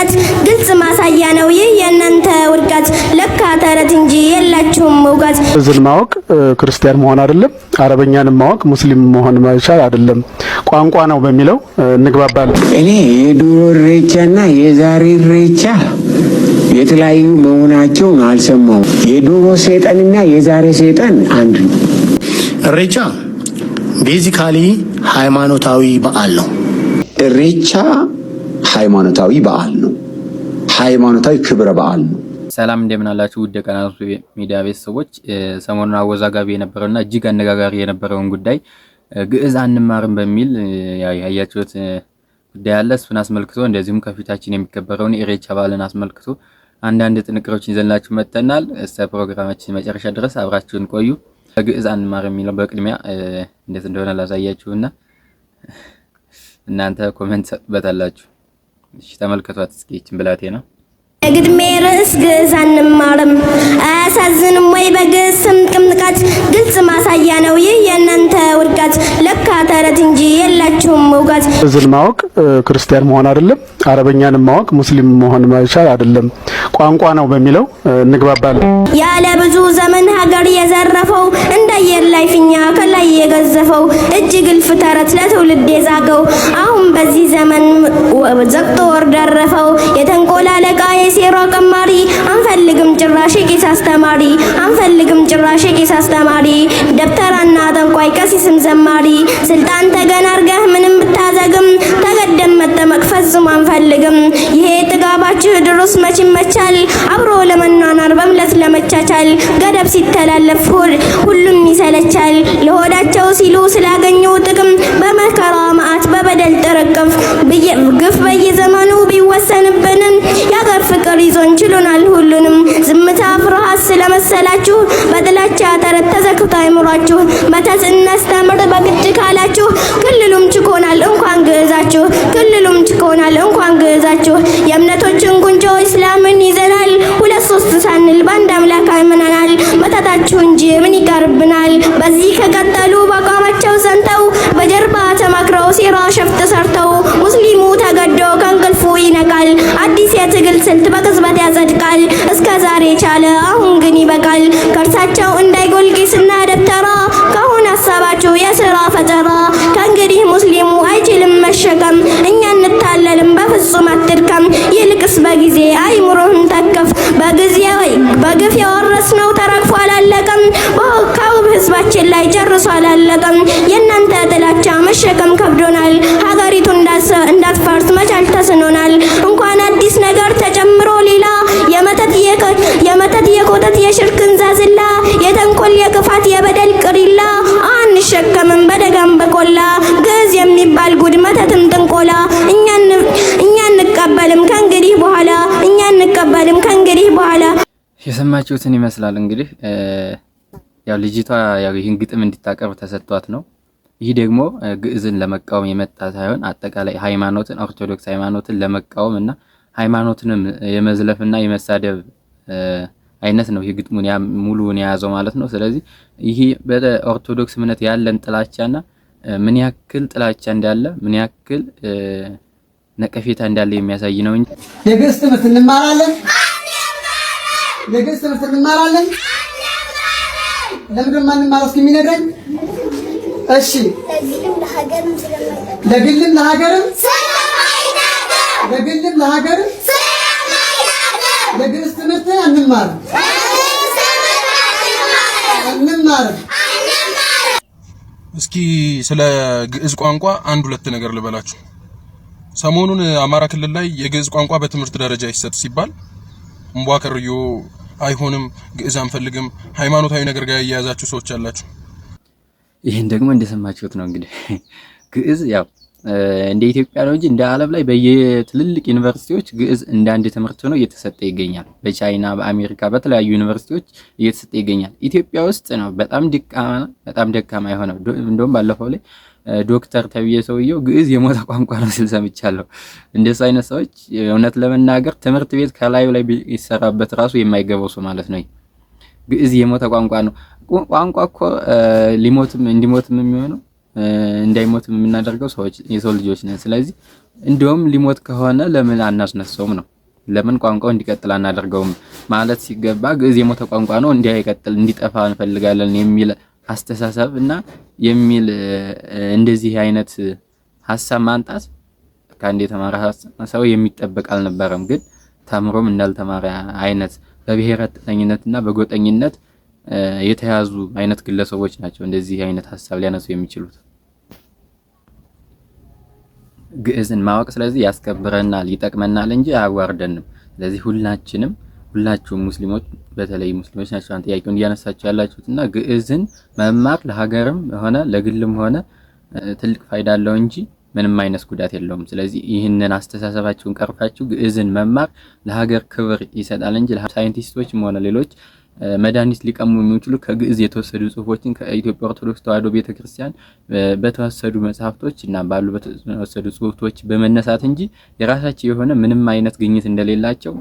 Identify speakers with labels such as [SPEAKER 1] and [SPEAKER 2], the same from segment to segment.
[SPEAKER 1] ውድቀት ግልጽ ማሳያ ነው። ይህ የእናንተ ውድቀት ለካ ተረት እንጂ የላችሁም እውቀት። እዝን ማወቅ ክርስቲያን መሆን አይደለም፣ አረበኛንም ማወቅ ሙስሊም መሆን መቻል አይደለም። ቋንቋ
[SPEAKER 2] ነው በሚለው እንግባባለን። እኔ የድሮ እሬቻና የዛሬ እሬቻ የተለያዩ መሆናቸውን አልሰማሁም። የድሮ ሰይጣንና የዛሬ ሰይጣን አንድ ነው።
[SPEAKER 3] እሬቻ ቤዚካሊ ሃይማኖታዊ በዓል ነው።
[SPEAKER 2] እሬቻ ሃይማኖታዊ በዓል ሃይማኖታዊ ክብረ በዓል ነው።
[SPEAKER 4] ሰላም እንደምናላችሁ ውድ የቀናቱ ሚዲያ ቤተሰቦች፣ ሰሞኑን አወዛጋቢ የነበረውና እጅግ አነጋጋሪ የነበረውን ጉዳይ ግዕዝ አንማርም በሚል ያያችሁት ጉዳይ አለ። እሱን አስመልክቶ እንደዚሁም ከፊታችን የሚከበረውን ኢሬቻ በዓልን አስመልክቶ አንዳንድ ጥንቅሮችን ይዘንላችሁ መጥተናል። እስከ ፕሮግራማችን መጨረሻ ድረስ አብራችሁን ቆዩ። ግዕዝ አንማርም የሚለው በቅድሚያ እንዴት እንደሆነ ላሳያችሁና እናንተ ኮመንት ሰጥበታላችሁ። እሺ ተመልከቷት እስኪ ይችን ነው
[SPEAKER 1] የግድሜ ርዕስ ግዕዝ አንማርም አያሳዝንም ወይ? በግዕዝ ስም ቅምጥቃጭ ግልጽ ማሳያ ነው ይህ የእናንተ ውድቃጭ። ለካ ተረት እንጂ የላችሁም እውቀት። ግዕዝን ማወቅ ክርስቲያን መሆን አይደለም፣ አረበኛን ማወቅ ሙስሊም መሆን መቻል አይደለም። ቋንቋ ነው በሚለው እንግባባለን። ያለ ብዙ ዘመን ሀገር የዘረፈው እንደ አየር ላይ ፊኛ ከላይ የገዘፈው እጅ ግልፍ ተረት ለትውልድ የዛገው አሁን በዚህ ዘመን ዘግቶ ወርድ አረፈው። የተንቆላ አለቃ የሴራ ቀማሪ አንፈልግም ጭራሽ ቄስ አስተማሪ አንፈልግም ጭራሽ ቄስ አስተማሪ ደብተራና ጠንቋይ ቀሲስም ዘማሪ ስልጣን ተገና አርገህ ምንም ብታዘግም ተገደም መጠመቅ ፈጽሞ አንፈልግም። ይሄ ጥጋባችሁ ድሮስ መች ይመቻል አብሮ ለመኗኗር በምለት ለመቻቻል ገደብ ሲተላለፍ ሁሉም ይሰለቻል ለሆዳቸው ሲሉ ስላገኙ በደል ተረከፍ ግፍ በየዘመኑ ቢወሰንብንም የሀገር ፍቅር ይዞን ችሎናል ሁሉንም። ዝምታ ፍርሃት ስለመሰላችሁ በጥላቻ ተረት ተዘግቶ አይምሯችሁ መተት እናስተምር በግድ ካላችሁ ክልሉም ችኮናል እንኳን ግዕዛችሁ ክልሉም ችኮናል እንኳን ግዕዛችሁ የእምነቶችን ጉንጮ እስላምን ይዘናል ሁለት ሶስት ሳንል በአንድ አምላክ አይመናናል።
[SPEAKER 4] መተታችሁ እንጂ ምን ይቀርብናል በዚህ ከቀጠሉ በአቋማቸው ዘንተው በጀርባ በህዝባችን ላይ ጨርሶ አላለቀም። የእናንተ ጥላቻ መሸከም ከብዶናል። ሀገሪቱ እንዳትፈርስ መቻል ተስኖናል። እንኳን አዲስ ነገር ተጨምሮ ሌላ የመተት የቆጠት የሽርክን ዛዝላ የተንኮል የክፋት የበደል ቅሪላ አንሸከምም በደጋም በቆላ ግዕዝ የሚባል ጉድ መተትም ጥንቆላ እኛ እንቀበልም ከእንግዲህ በኋላ እኛ እንቀበልም ከእንግዲህ በኋላ የሰማችሁትን ይመስላል እንግዲህ ልጅቷ ይህን ግጥም እንድታቀርብ ተሰጥቷት ነው። ይህ ደግሞ ግዕዝን ለመቃወም የመጣ ሳይሆን አጠቃላይ ሃይማኖትን፣ ኦርቶዶክስ ሃይማኖትን ለመቃወም እና ሃይማኖትንም የመዝለፍና የመሳደብ አይነት ነው። ይህ ግጥሙን ሙሉውን የያዘው ማለት ነው። ስለዚህ ይህ በኦርቶዶክስ እምነት ያለን ጥላቻና ምን ያክል ጥላቻ እንዳለ ምን ያክል ነቀፌታ እንዳለ የሚያሳይ ነው እንጂ
[SPEAKER 1] የግዕዝ ትምህርት እንማራለን። የግዕዝ ትምህርት እንማራለን። ለምንድን ማንም ማለት የሚነግረኝ? እሺ ለግልም ለሀገርም ለግልም ለሀገርም ለግልስ ትምህርት አንማርም አንማርም። እስኪ ስለ ግዕዝ ቋንቋ አንድ ሁለት ነገር ልበላችሁ። ሰሞኑን አማራ ክልል ላይ የግዕዝ ቋንቋ በትምህርት ደረጃ ይሰጥ ሲባል እምቧ ከርዮ አይሆንም፣ ግዕዝ አንፈልግም፣ ሃይማኖታዊ ነገር ጋር እያያዛችሁ ሰዎች አላችሁ።
[SPEAKER 4] ይህን ደግሞ እንደሰማችሁት ነው እንግዲህ ግዕዝ ያው እንደ ኢትዮጵያ ነው እንጂ እንደ ዓለም ላይ በየትልልቅ ዩኒቨርሲቲዎች ግዕዝ እንደ አንድ ትምህርት ሆኖ እየተሰጠ ይገኛል። በቻይና፣ በአሜሪካ በተለያዩ ዩኒቨርሲቲዎች እየተሰጠ ይገኛል። ኢትዮጵያ ውስጥ ነው በጣም ደካማ በጣም ደካማ የሆነው እንደውም ባለፈው ላይ ዶክተር ተብዬ ሰውየው ግዕዝ የሞተ ቋንቋ ነው ሲል ሰምቻለሁ። እንደሱ አይነት ሰዎች እውነት ለመናገር ትምህርት ቤት ከላዩ ላይ ይሰራበት ራሱ የማይገባው ሰው ማለት ነው። ግዕዝ የሞተ ቋንቋ ነው። ቋንቋ እኮ ሊሞትም እንዲሞትም የሚሆነው እንዳይሞትም የምናደርገው ሰዎች የሰው ልጆች ነን። ስለዚህ እንዲሁም ሊሞት ከሆነ ለምን አናስነሳውም ነው ለምን ቋንቋው እንዲቀጥል አናደርገውም ማለት ሲገባ ግዕዝ የሞተ ቋንቋ ነው እንዲያይቀጥል እንዲጠፋ እንፈልጋለን የሚል አስተሳሰብ እና የሚል እንደዚህ አይነት ሀሳብ ማንጣት ከአንድ የተማረ ሰው የሚጠበቅ አልነበረም። ግን ተምሮም እንዳልተማረ አይነት በብሔረተኝነት እና በጎጠኝነት የተያዙ አይነት ግለሰቦች ናቸው እንደዚህ አይነት ሀሳብ ሊያነሱ የሚችሉት። ግዕዝን ማወቅ ስለዚህ ያስከብረናል፣ ይጠቅመናል እንጂ አያዋርደንም። ስለዚህ ሁላችንም ሁላችሁም ሙስሊሞች በተለይ ሙስሊሞች ናቸው ጥያቄውን እያነሳችሁ ያላችሁት እና ግዕዝን መማር ለሀገርም ሆነ ለግልም ሆነ ትልቅ ፋይዳ አለው እንጂ ምንም አይነት ጉዳት የለውም። ስለዚህ ይህንን አስተሳሰባችሁን ቀርፋችሁ ግዕዝን መማር ለሀገር ክብር ይሰጣል እንጂ ሳይንቲስቶችም ሆነ ሌሎች መድኃኒት ሊቀሙ የሚችሉ ከግዕዝ የተወሰዱ ጽሁፎችን ከኢትዮጵያ ኦርቶዶክስ ተዋሕዶ ቤተክርስቲያን በተወሰዱ መጽሐፍቶች እና ባሉ በተወሰዱ ጽሁፎች በመነሳት እንጂ የራሳቸው የሆነ ምንም አይነት ግኝት እንደሌላቸው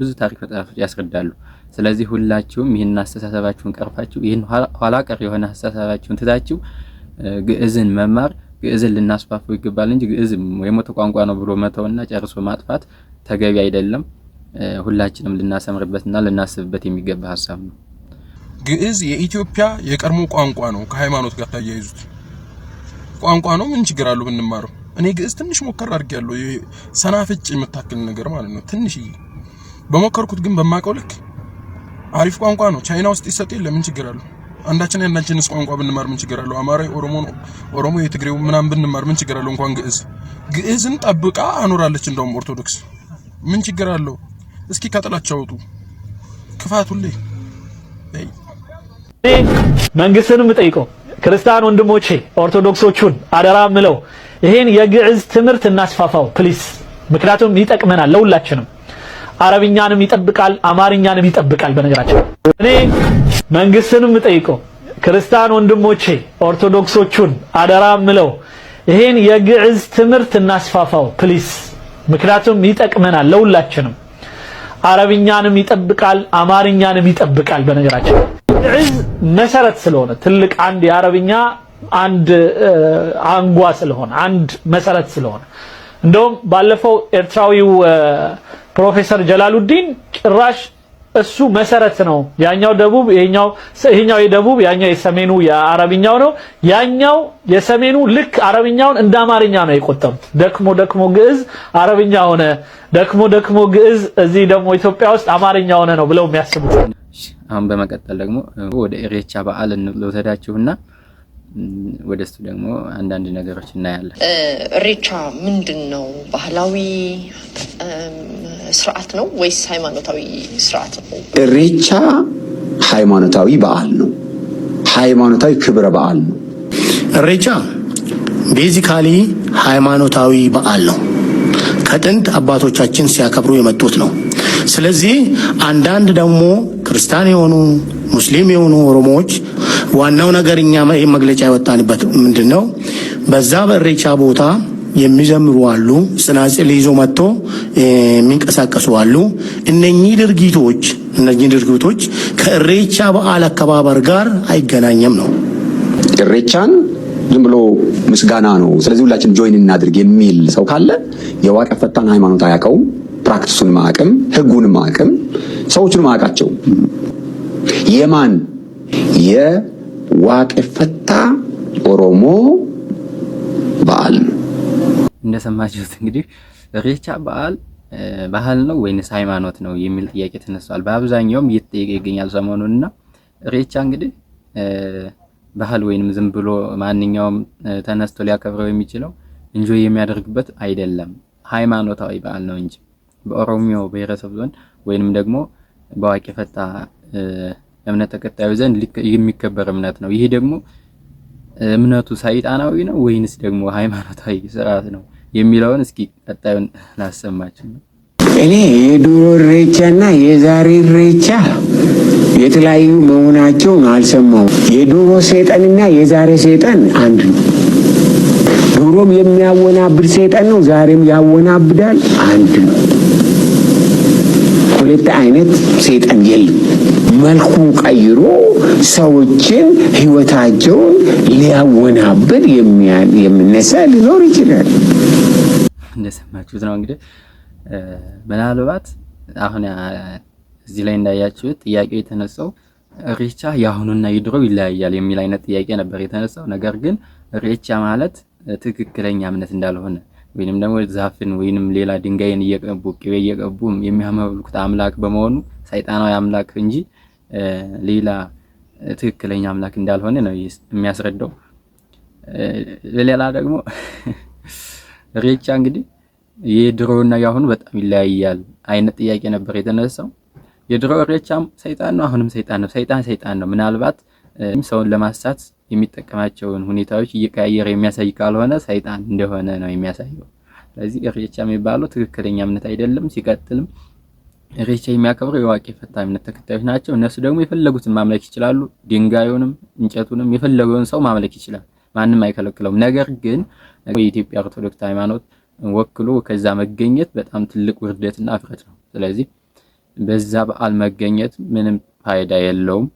[SPEAKER 4] ብዙ ታሪክ ፈጠራቶች ያስረዳሉ። ስለዚህ ሁላችሁም ይህን አስተሳሰባችሁን ቀርፋችሁ ይህን ኋላ ቀር የሆነ አስተሳሰባችሁን ትታችሁ ግዕዝን መማር ግዕዝን ልናስፋፈው ይገባል እንጂ ግዕዝ የሞተ ቋንቋ ነው ብሎ መተውና ጨርሶ ማጥፋት ተገቢ አይደለም። ሁላችንም ልናሰምርበትና ልናስብበት የሚገባ ሀሳብ ነው።
[SPEAKER 1] ግዕዝ የኢትዮጵያ የቀድሞ ቋንቋ ነው። ከሃይማኖት ጋር ታያይዙት ቋንቋ ነው። ምን ችግር አለው ብንማረው? እኔ ግዕዝ ትንሽ ሞከር አድርጌያለሁ። ሰናፍጭ የምታክል ነገር ማለት ነው ትንሽዬ በሞከርኩት ግን በማውቀው ልክ አሪፍ ቋንቋ ነው። ቻይና ውስጥ ይሰጥ የለም ምን ችግር አለው? አንዳችን ያንዳችንስ ቋንቋ ብንማር ምን ችግር አለው? አማራዊ፣ ኦሮሞ፣ ኦሮሞ የትግሬው ምናምን ብንማር ምን ችግር አለው? እንኳን ግዕዝ ግዕዝን ጠብቃ አኖራለች። እንደውም ኦርቶዶክስ ምን ችግር አለው? እስኪ ከጥላቻ አውጡ። ክፋት ሁሌ
[SPEAKER 4] መንግስትንም ጠይቀው ክርስቲያን ወንድሞቼ ኦርቶዶክሶቹን አደራ ምለው ይሄን የግዕዝ ትምህርት እናስፋፋው ፕሊስ፣ ምክንያቱም ይጠቅመናል ለሁላችንም። አረብኛንም ይጠብቃል፣ አማርኛንም ይጠብቃል። በነገራችን እኔ መንግስትንም ጠይቀው ክርስቲያን ወንድሞቼ ኦርቶዶክሶቹን አደራ ምለው ይሄን የግዕዝ ትምህርት እናስፋፋው ፕሊስ። ምክንያቱም ይጠቅመናል ለሁላችንም። አረብኛንም ይጠብቃል፣ አማርኛንም ይጠብቃል። በነገራችን ግዕዝ መሰረት ስለሆነ ትልቅ አንድ የአረብኛ አንድ አንጓ ስለሆነ አንድ መሰረት ስለሆነ እንደውም ባለፈው ኤርትራዊው ፕሮፌሰር ጀላሉዲን ጭራሽ እሱ መሰረት ነው። ያኛው ደቡብ ይሄኛው ይሄኛው የደቡብ ያኛው የሰሜኑ የአረብኛው ነው። ያኛው የሰሜኑ ልክ አረብኛውን እንደ አማርኛ ነው የቆጠሩት። ደክሞ ደክሞ ግዕዝ አረብኛ ሆነ፣ ደክሞ ደክሞ ግዕዝ እዚህ ደግሞ ኢትዮጵያ ውስጥ አማርኛ ሆነ ነው ብለው የሚያስቡት። አሁን በመቀጠል ደግሞ ወደ ኢሬቻ በዓል እንውሰዳችሁና ወደ እሱ ደግሞ አንዳንድ ነገሮች እናያለን።
[SPEAKER 5] እሬቻ ምንድን ነው? ባህላዊ ስርዓት ነው ወይስ ሃይማኖታዊ ስርዓት ነው?
[SPEAKER 2] እሬቻ ሃይማኖታዊ በዓል ነው። ሃይማኖታዊ ክብረ በዓል ነው።
[SPEAKER 3] እሬቻ ቤዚካሊ ሃይማኖታዊ በዓል ነው። ከጥንት አባቶቻችን ሲያከብሩ የመጡት ነው። ስለዚህ አንዳንድ ደግሞ ክርስቲያን የሆኑ ሙስሊም የሆኑ ኦሮሞዎች ዋናው ነገር እኛ መግለጫ ያወጣንበት ምንድን ነው? በዛ በእሬቻ ቦታ የሚዘምሩ አሉ፣ ጽናጽል ይዞ መጥቶ የሚንቀሳቀሱ አሉ። እነኚህ ድርጊቶች እነኚህ ድርጊቶች ከእሬቻ በዓል አከባበር ጋር አይገናኘም ነው
[SPEAKER 2] እሬቻን ዝም ብሎ ምስጋና ነው። ስለዚህ ሁላችን ጆይን እናድርግ የሚል ሰው ካለ የዋቀፈታን ሃይማኖት አያውቀውም። ፕራክቲሱን ማቅም ህጉን ማቅም ሰዎቹን ማቃቸው የማን የዋቄ ፈታ ኦሮሞ በዓል ነው።
[SPEAKER 4] እንደሰማችሁት እንግዲህ ኢሬቻ በዓል ባህል ነው ወይንስ ሃይማኖት ነው የሚል ጥያቄ ተነስቷል። በአብዛኛውም እየተጠየቀ ይገኛል እና ሬቻ እንግዲህ ባህል ወይንም ዝም ብሎ ማንኛውም ተነስቶ ሊያከብረው የሚችለው እንጆይ የሚያደርግበት አይደለም፣ ሃይማኖታዊ በዓል ነው እንጂ በኦሮሚዮ ብሔረሰብ ዞን ወይንም ደግሞ በአዋቂ ፈታ እምነት ተከታዩ ዘንድ የሚከበር እምነት ነው። ይህ ደግሞ እምነቱ ሰይጣናዊ ነው ወይንስ ደግሞ ሃይማኖታዊ ስርዓት ነው የሚለውን እስኪ ቀጣዩን ላሰማችሁ።
[SPEAKER 2] እኔ የድሮ እሬቻና የዛሬ እሬቻ የተለያዩ መሆናቸውን አልሰማውም። የድሮ ሰይጣንና የዛሬ ሰይጣን አንድ ነው። ድሮም የሚያወናብድ ሰይጣን ነው፣ ዛሬም ያወናብዳል፣ አንድ ነው። ሁለት አይነት ሰይጣን የለም። መልኩን ቀይሮ ሰዎችን ህይወታቸውን ሊያወናብር የሚነሳ ሊኖር ይችላል።
[SPEAKER 4] እንደሰማችሁት ነው እንግዲህ ምናልባት አሁን እዚህ ላይ እንዳያችሁት ጥያቄው የተነሳው ኢሬቻ የአሁኑና የድሮው ይለያያል የሚል አይነት ጥያቄ ነበር የተነሳው። ነገር ግን ኢሬቻ ማለት ትክክለኛ እምነት እንዳልሆነ ወይንም ደግሞ ዛፍን ወይንም ሌላ ድንጋይን እየቀቡ ቅቤ እየቀቡ የሚያመልኩት አምላክ በመሆኑ ሰይጣናዊ አምላክ እንጂ ሌላ ትክክለኛ አምላክ እንዳልሆነ ነው የሚያስረዳው። ሌላ ደግሞ ሬቻ እንግዲህ የድሮውና ያሁኑ በጣም ይለያያል አይነት ጥያቄ ነበር የተነሳው። የድሮው ሬቻም ሰይጣን ነው፣ አሁንም ሰይጣን ነው። ሰይጣን ሰይጣን ነው። ምናልባት ሰውን ለማሳት የሚጠቀማቸውን ሁኔታዎች እየቀያየረ የሚያሳይ ካልሆነ ሰይጣን እንደሆነ ነው የሚያሳየው። ስለዚህ እሬቻ የሚባለው ትክክለኛ እምነት አይደለም። ሲቀጥልም እሬቻ የሚያከብረው የዋቂ ፈታ እምነት ተከታዮች ናቸው። እነሱ ደግሞ የፈለጉትን ማምለክ ይችላሉ። ድንጋዩንም እንጨቱንም የፈለገውን ሰው ማምለክ ይችላል። ማንም አይከለክለውም። ነገር ግን የኢትዮጵያ ኦርቶዶክስ ሃይማኖት ወክሎ ከዛ መገኘት በጣም ትልቅ ውርደትና እፍረት ነው። ስለዚህ በዛ በዓል መገኘት ምንም ፋይዳ የለውም።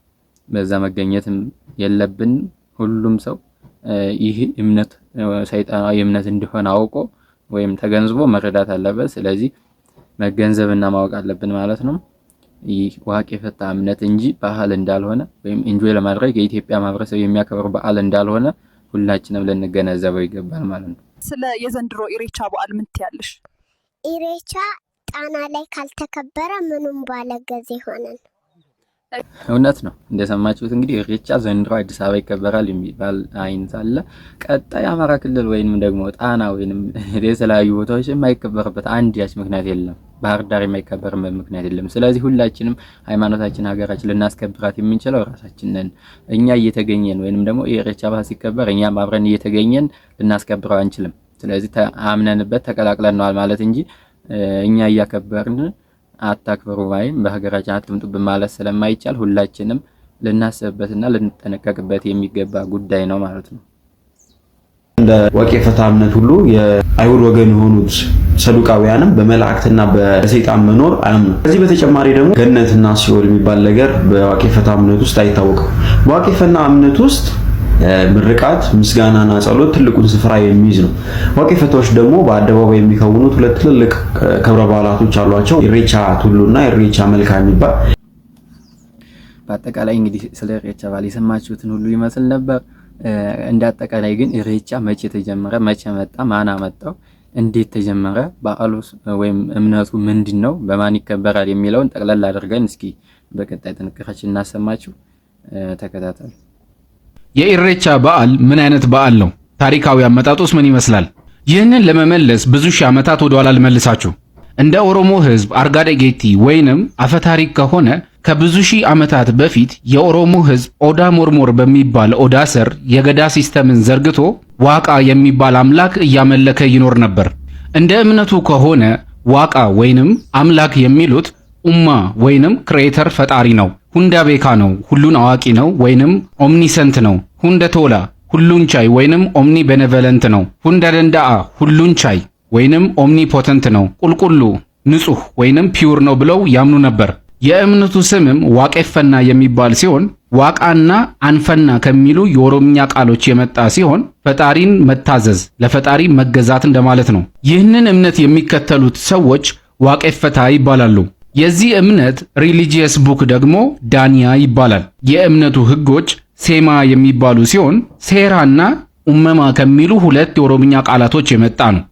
[SPEAKER 4] በዛ መገኘትም የለብንም። ሁሉም ሰው ይህ እምነት ሰይጣናዊ እምነት እንደሆነ አውቆ ወይም ተገንዝቦ መረዳት አለበት። ስለዚህ መገንዘብና ማወቅ አለብን ማለት ነው። ይህ ዋቅ የፈታ እምነት እንጂ ባህል እንዳልሆነ ወይም እንጆይ ለማድረግ የኢትዮጵያ ማህበረሰብ የሚያከብረው በዓል እንዳልሆነ ሁላችንም ልንገነዘበው ይገባል ማለት ነው።
[SPEAKER 1] ስለ የዘንድሮ ኢሬቻ በዓል ምን ትያለሽ? ኢሬቻ ጣና ላይ ካልተከበረ ምኑም ባለ ገዜ ሆነን
[SPEAKER 4] እውነት ነው። እንደሰማችሁት እንግዲህ ኢሬቻ ዘንድሮ አዲስ አበባ ይከበራል የሚባል አይነት አለ። ቀጣይ አማራ ክልል ወይንም ደግሞ ጣና ወይንም የተለያዩ ቦታዎች የማይከበርበት አንድ ያች ምክንያት የለም። ባህር ዳር የማይከበርበት ምክንያት የለም። ስለዚህ ሁላችንም ሃይማኖታችን፣ ሀገራችን ልናስከብራት የምንችለው ራሳችንን እኛ እየተገኘን ወይንም ደግሞ ኢሬቻ ባህል ሲከበር እኛም አብረን እየተገኘን ልናስከብረው አንችልም። ስለዚህ አምነንበት ተቀላቅለነዋል ማለት እንጂ እኛ እያከበርን አታክብሩ ወይም በሀገራችን አትምጡብን ማለት ስለማይቻል ሁላችንም ልናስብበትና ልንጠነቀቅበት የሚገባ ጉዳይ ነው ማለት ነው።
[SPEAKER 2] እንደ ወቄፈታ እምነት ሁሉ የአይሁድ ወገን የሆኑት ሰዱቃውያንም በመላእክትና በሰይጣን መኖር አያምኑ። ከዚህ በተጨማሪ ደግሞ ገነትና ሲኦል የሚባል ነገር በዋቄ እምነት ውስጥ አይታወቅም። በዋቄ እምነት ውስጥ ምርቃት፣ ምስጋናና ጸሎት ትልቁን ስፍራ የሚይዝ ነው። ዋቂ ፈታዎች ደግሞ በአደባባይ የሚከውኑት ሁለት ትልልቅ ክብረ በዓላቶች አሏቸው። ኢሬቻ ቱሉና ኢሬቻ መልካ የሚባል
[SPEAKER 4] በአጠቃላይ እንግዲህ ስለ ኢሬቻ በዓል የሰማችሁትን ሁሉ ይመስል ነበር። እንደ አጠቃላይ ግን ኢሬቻ መቼ ተጀመረ? መቼ መጣ? ማን አመጣው? እንዴት ተጀመረ? በዓሉ ወይም እምነቱ ምንድን ነው? በማን ይከበራል? የሚለውን ጠቅላላ አድርገን እስኪ በቀጣይ ጥንቅራችን እናሰማችሁ። ተከታተሉ። የኢሬቻ በዓል ምን አይነት በዓል ነው? ታሪካዊ አመጣጡስ ምን ይመስላል? ይህንን ለመመለስ ብዙ ሺህ ዓመታት ወደ ኋላ ልመልሳችሁ። እንደ ኦሮሞ ሕዝብ አርጋዴጌቲ ወይንም አፈታሪክ ከሆነ ከብዙ ሺህ ዓመታት በፊት የኦሮሞ ሕዝብ ኦዳ ሞርሞር በሚባል ኦዳ ስር የገዳ ሲስተምን ዘርግቶ ዋቃ የሚባል አምላክ እያመለከ ይኖር ነበር። እንደ እምነቱ ከሆነ ዋቃ ወይንም አምላክ የሚሉት ኡማ ወይንም ክሬተር ፈጣሪ ነው፣ ሁንዳቤካ ነው፣ ሁሉን አዋቂ ነው፣ ወይንም ኦምኒሰንት ነው ሁንደቶላ ሁሉን ቻይ ወይንም ኦምኒ ቤኔቨለንት ነው። ሁንደደንዳአ ሁሉን ቻይ ወይንም ኦምኒ ፖተንት ነው። ቁልቁሉ ንጹህ ወይንም ፒውር ነው ብለው ያምኑ ነበር። የእምነቱ ስምም ዋቄፈና የሚባል ሲሆን ዋቃና አንፈና ከሚሉ የኦሮምኛ ቃሎች የመጣ ሲሆን ፈጣሪን መታዘዝ፣ ለፈጣሪ መገዛት እንደማለት ነው። ይህንን እምነት የሚከተሉት ሰዎች ዋቄፈታ ይባላሉ። የዚህ እምነት ሪሊጂየስ ቡክ ደግሞ ዳንያ ይባላል። የእምነቱ ህጎች ሴማ የሚባሉ ሲሆን ሴራና ኡመማ ከሚሉ ሁለት የኦሮምኛ ቃላቶች የመጣ ነው።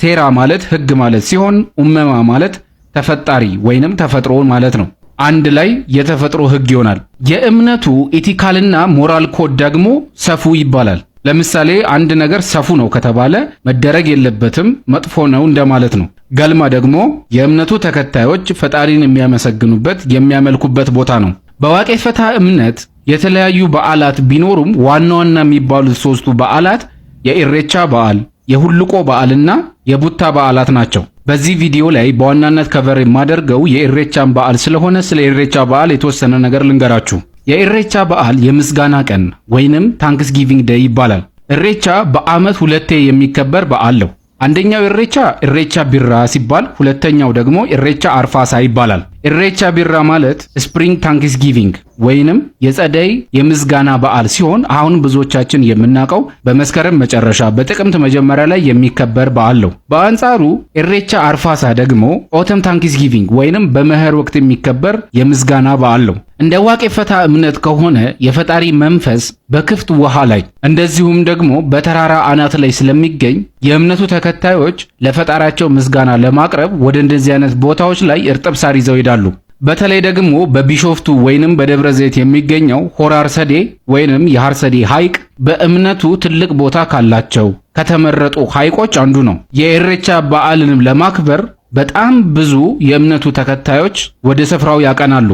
[SPEAKER 4] ሴራ ማለት ህግ ማለት ሲሆን ኡመማ ማለት ተፈጣሪ ወይንም ተፈጥሮ ማለት ነው። አንድ ላይ የተፈጥሮ ህግ ይሆናል። የእምነቱ ኢቲካልና ሞራል ኮድ ደግሞ ሰፉ ይባላል። ለምሳሌ አንድ ነገር ሰፉ ነው ከተባለ መደረግ የለበትም መጥፎ ነው እንደማለት ነው። ገልማ ደግሞ የእምነቱ ተከታዮች ፈጣሪን የሚያመሰግኑበት የሚያመልኩበት ቦታ ነው። በዋቄ ፈታ እምነት የተለያዩ በዓላት ቢኖሩም ዋና ዋና የሚባሉት ሶስቱ በዓላት የኢሬቻ በዓል፣ የሁልቆ በዓልና የቡታ በዓላት ናቸው። በዚህ ቪዲዮ ላይ በዋናነት ከቨር የማደርገው የኢሬቻን በዓል ስለሆነ ስለ ኢሬቻ በዓል የተወሰነ ነገር ልንገራችሁ። የኢሬቻ በዓል የምስጋና ቀን ወይንም ታንክስ ጊቪንግ ዴይ ይባላል። ኢሬቻ በዓመት ሁለቴ የሚከበር በዓል ነው። አንደኛው ኢሬቻ ኢሬቻ ቢራ ሲባል፣ ሁለተኛው ደግሞ ኢሬቻ አርፋሳ ይባላል። ኢሬቻ ቢራ ማለት ስፕሪንግ ታንክስ ጊቪንግ ወይንም የጸደይ የምስጋና በዓል ሲሆን አሁን ብዙዎቻችን የምናውቀው በመስከረም መጨረሻ በጥቅምት መጀመሪያ ላይ የሚከበር በዓል ነው። በአንጻሩ ኢሬቻ አርፋሳ ደግሞ ኦተም ታንክስ ጊቪንግ ወይንም በመኸር ወቅት የሚከበር የምስጋና በዓል ነው። እንደ ዋቄ ፈታ እምነት ከሆነ የፈጣሪ መንፈስ በክፍት ውሃ ላይ እንደዚሁም ደግሞ በተራራ አናት ላይ ስለሚገኝ የእምነቱ ተከታዮች ለፈጣሪያቸው ምስጋና ለማቅረብ ወደ እንደዚህ አይነት ቦታዎች ላይ እርጥብ ሳር ይዘው ይሄዳሉ። በተለይ ደግሞ በቢሾፍቱ ወይንም በደብረ ዘይት የሚገኘው ሆራ አርሰዴ ወይንም የሃርሰዴ ሐይቅ በእምነቱ ትልቅ ቦታ ካላቸው ከተመረጡ ሐይቆች አንዱ ነው። የኢሬቻ በዓልንም ለማክበር በጣም ብዙ የእምነቱ ተከታዮች ወደ ስፍራው ያቀናሉ።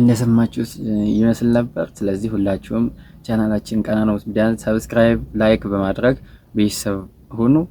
[SPEAKER 4] እንደሰማችሁት ይመስል ነበር። ስለዚህ ሁላችሁም ቻናላችን ነው ቢያንስ ሰብስክራይብ፣ ላይክ በማድረግ ቤተሰብ ሁኑ።